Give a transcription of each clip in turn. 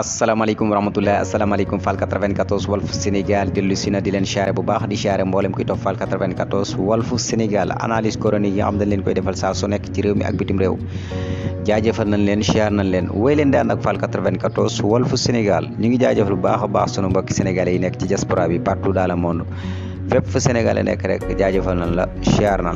asalaamaaleykum warahmatullah asalaamaaleykum Fall 94 Walf Sénégal dellu si na di leen chaare bu baax di chaare mboolem kuy topp Fall 94 Walf Sénégal analyse chronique yi nga koy defal saa nekk ci réew mi ak bitim réew jaajëfal nañ leen chaar nañ leen wéy leen daan ak Fall 94 Walf Sénégal ñu ngi jaajëfal bu baax a baax sunu mbokki sénégalais yi nekk ci diaspora bi partout dans le monde fépp fu nekk rek jaajëfal la chaar nañ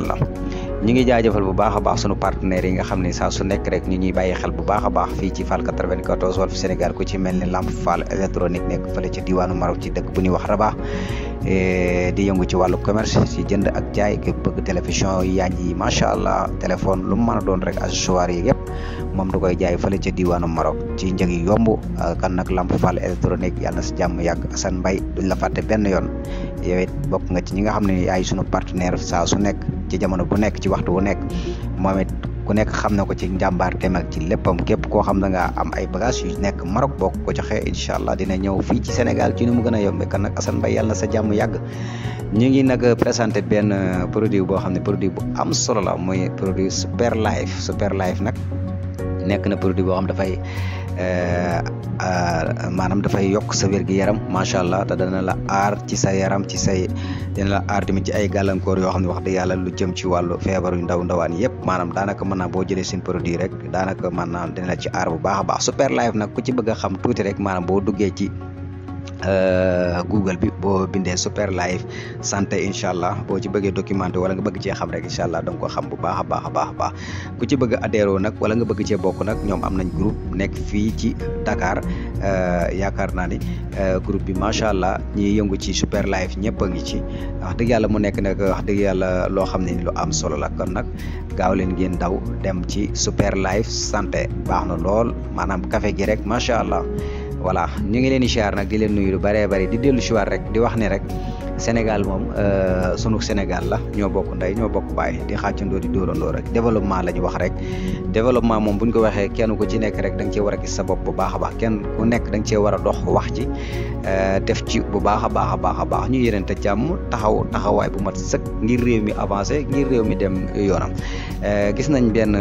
ñi ngi jaajëfal bu baax a baax sunu partenaires yi nga xam ne saa su nekk rek ñu ñuy bàyyi xel bu baax a baax fii ci Fall 94 Walf Sénégal ku ci mel ni Lamp Fall électronique nekk fële ca diwaanu Maroc ci dëkk bu ñuy wax Rabat Eh, di yëngu ci wàllu commerce si jënd ak jaay ki bëgg télévision yaañ yi macha allah téléphone lu mu mën a doon rek accessoires yi yëpp moom du koy jaay fële ci diwaanu Maroc ci njëg yi yomb ah, kan nag Lamp Fall électronique yàlla na si jàmm yàgg Assane Mbaye duñ la fàtte benn yoon yow it bokk nga ci ñi nga xam ne ay sunu partenaire saa su nekk ci jamono bu nekk ci waxtu bu nekk. moom it ku nekk xam na ko ci njàmbaar tem ak ci léppam képp koo xam da nga am ay bagage yu nekk Maroc boo ko joxee incha allah dina ñëw fii ci Sénégal ci nu mu gën a yombe kan nag Assane Mbaye yàlla na sa jàmm yàgg ñu ngi nag présenté benn produit boo xam ne produit bo am solo la mooy produit Super Life Super Life nag nekk na produit boo xam dafay Eh, ah, maanaam dafay yokk sa wér yaram macha allah te dana la aar ci sa yaram ci say dina la aar tamit ci ay gàllankoor yoo xam ne wax dëgg yàlla lu jëm ci wàllu ndaw ndawaan yëpp maanaam daanaka mën naa boo jëlee seen produit rek daanaka mën naa dina ci aar bu baax a baax super life nag ku ci bëgg a xam tuuti rek maanaam boo duggee ci Euh, Google bi boo bindee super live santé incha allah boo ci bëggee documenté wala nga bëgg cee xam rek incha allah da nga xam bu baax a baax a baax baax ku ci bëgg adhéré nag wala nga bëgg cee bokk nag ñoom am nañ groupe nekk fii ci Dakar euh, yaakaar naa ni euh, groupe bi macha allah ñiy yëngu ci super live ñëpp a ngi ci wax dëgg yàlla mu nekk nag wax dëgg yàlla loo xam ne ni lu am solo la kon nag gaaw leen ngeen daw dem ci super live santé baax na lool maanaam kafe gi rek macha allah. voilà ñu ngi leen di siyaar nag di leen nuyu lu bëree bëri di dellu si rek di wax ne rek Sénégal moom euh, sunu Sénégal la ñoo bokk ndey ñoo bokk baay di xàccandoo di dóorandoo rek développement la ñu wax rek développement moom bu ko waxee kenn ku ci nekk rek da nga cee war a gis sa bopp bu baax a baax kenn ku nekk da nga cee war a dox wax ci euh, def ci bu baax a baax a baax a baax ñu yéneen te jàmm taxaw taxawaay bu mat sëkk ngir réew mi avancé ngir réew mi dem yoonam euh, gis nañ benn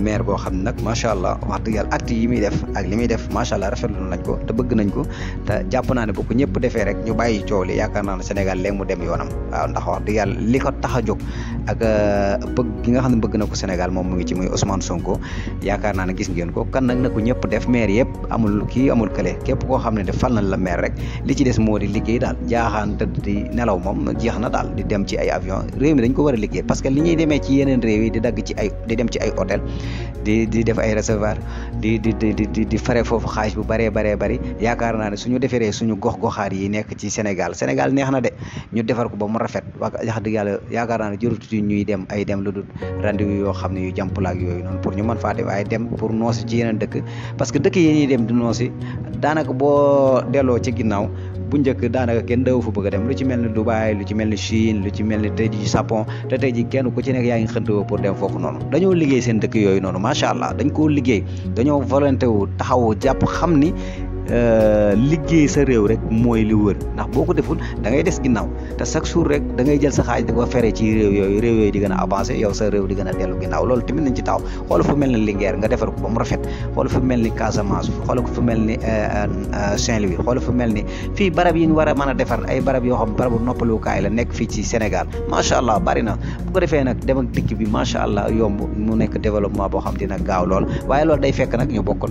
maire boo xam ne nag macha wax dëgg yàlla acte yi muy def ak li muy def macha rafetlu nañ ko te bëgg nañ ko te jàpp naa ne bu ñëpp defee rek ñu bàyyi coow li yaakaar naa ne Sénégal léegi mu dem yoonam waaw ndax wax dëgg yàlla li ko tax a jóg ak euh, bëgg gi nga xam ne bëgg na ko Sénégal moom mu ngi ci muy Ousmane Sonko yaakaar naa ne gis ngeen ko kan nag na ko ñëpp def maire yëpp amul kii amul kële képp koo xam ne de fal nañ la maire rek li ci des moo di liggéey daal jaaxaan di nelaw moom jeex na daal di dem ci ay avion réew dañ ko war a liggéey parce que li ñuy demee ci yeneen réew yi di dagg ci ay di dem ci ay hôtel di di def ay recevoir di di di di di fare foofu xaalis bu bëree bëree bëri yaakaar naa ne suñu deferee suñu gox goxaar yi nekk ci Sénégal Sénégal neex na de ñu defar ko ba mu rafet wax dëgg yàlla yaakaar naa ne jërutu surtout ñuy dem ay dem lu dul rendez-vous yoo xam ne yu jàmpulaak yooyu noonu pour ñu mën faa dem ay dem pour noosi ci yeneen dëkk parce que dëkk yi dem di noosi daanaka boo delloo ci ginnaaw bu njëkk daanaka kenn daw fa te tey kenn ku ci nekk yaa ngi xëntewoo dem foofu noonu dañoo liggéey seen dëkk yooyu noonu macha allah dañ koo liggéey dañoo volonté taxawu jàpp xam ni Euh, liggéey sa réew rek mooy li wër ndax boo ko deful da ngay des ginnaaw te chaque jour rek da ngay jël sa xaaj di ko fere ci réew yooyu réew yooyu di gën a yow sa réew di gën a dellu ginnaaw loolu tamit nañ ci taw xool fu mel ni Linguère nga defar ko ba mu rafet xool fu mel ni Casamance xool fu mel ni euh, euh, Saint-Louis xool fu mel ni fii barab yi ñu war a mën a defar ay barab yoo xam barabu noppalukaay la nekk fii ci Sénégal macha allah bari na bu ko defee nag dem ak dikk bi macha allah yomb mu nekk développement boo xam dina gaaw lool waaye loolu day fekk nag ñu bokk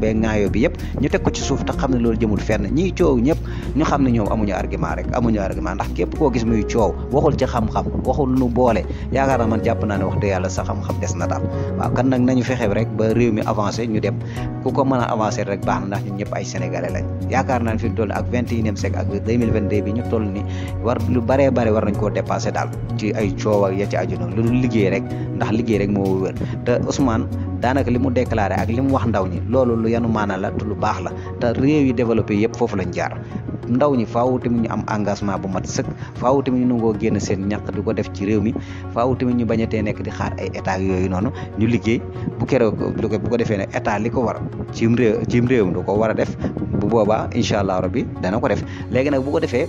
day bee ŋaayoo bi yëpp ñu teg ko ci suuf te xam ne loolu jëmul fenn ñiy coow ñëpp ñu xam ne ñoom amuñu argument rek amuñu argument ndax képp koo gis muy coow waxul ci xam-xam waxul nu boole yaakaar naa man jàpp naa ne wax dëgg yàlla sax xam-xam des na daal waaw kan nag nañu fexe rek ba réew mi avancé ñu dem ku ko mën a avancé rek baax na ndax ñu ñëpp ay sénégalais lañ yaakaar naa ne fi mu toll ak vingt et unième siècle ak 2022 bi ñu toll ni lu baree bare war nañ koo dépassé daal ci ay coow ak ya ci aju noonu liggéey rek ndax liggéey rek moo wér daanaka li mu déclaré ak li mu wax ndaw ñi loolu lu yanu maana la te lu baax la te réew yi développé yëpp foofu lañ jaar ndaw ñi faaw tamit ñu am engagement bu mat sëkk faaw tamit ñu nangoo génn seen ñaq di ko def ci réew mi faaw tamit ñu bañ a tee nekk di xaar ay état yooyu noonu ñu liggéey bu keroog bu ko defee ne état li ko war cim réew cim mi du ko war a def bu boobaa incha allah rabbi dana ko def léegi nag bu ko defee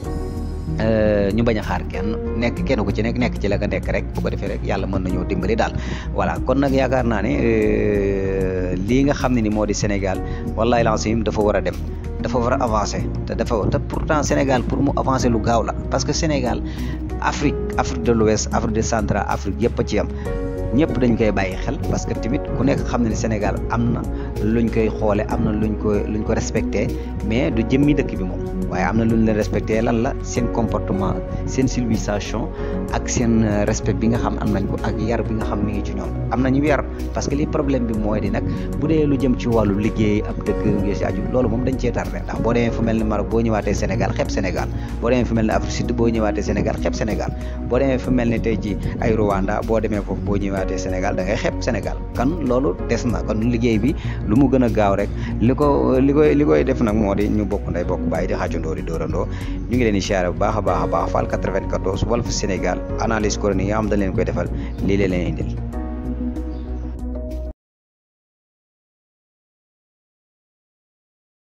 Euh, ñu bañ a xaar kenn nekk kenn ku ci nekk nekk ci la nekk rek bu ko defee rek yàlla nañoo dimbali daal voilà kon nag yaakaar naa ne euh, lii nga xam ne ni moo di Sénégal wallahi lancim dafa war a dem dafa war a avancer te dafa pour temps Sénégal pour mu avancer lu gaaw la parce que Sénégal Afrique Afrique de l'Ouest Afrique de Centre Afrique yëpp a ci yam ñëpp dañ koy bàyyi xel parce que tamit ku nekk xam ne Sénégal am na luñ koy xoole am na luñ ko luñ ko respecté mais du jëm mi dëkk bi moom waaye am na luñ leen respecté lan la seen comportement seen civilisation ak seen euh, respect bi nga xam am nañ ko ak yar bi nga xam mi ngi ci ñoom am nañu yar parce que li problème bi mooy di nag bu dee lu jëm ci wàllu liggéey ab dëkk yo si aju loolu moom dañ cee tardé ndax boo demee fu mel ni Maroc boo ñëwaatee Sénégal xeeb Sénégal boo demee fu mel ni Afrique Sud boo ñëwaatee Sénégal xeeb Sénégal boo fu mel ni tey ji ay Rwanda boo demee foofu boo ñëwaatee Sénégal da ngay xeeb Sénégal kon loolu des na kon liggéey bi lu mu gën a gaaw rek li ko li koy li koy def nag moo di ñu bokk nday bokk bàyyi di xaajandoo di dóorandoo ñu ngi leen di siyaare bu baax a baax a baax Fall 94 Walf Sénégal analyse corona yi nga xam dañ leen koy defal lii leen leen indil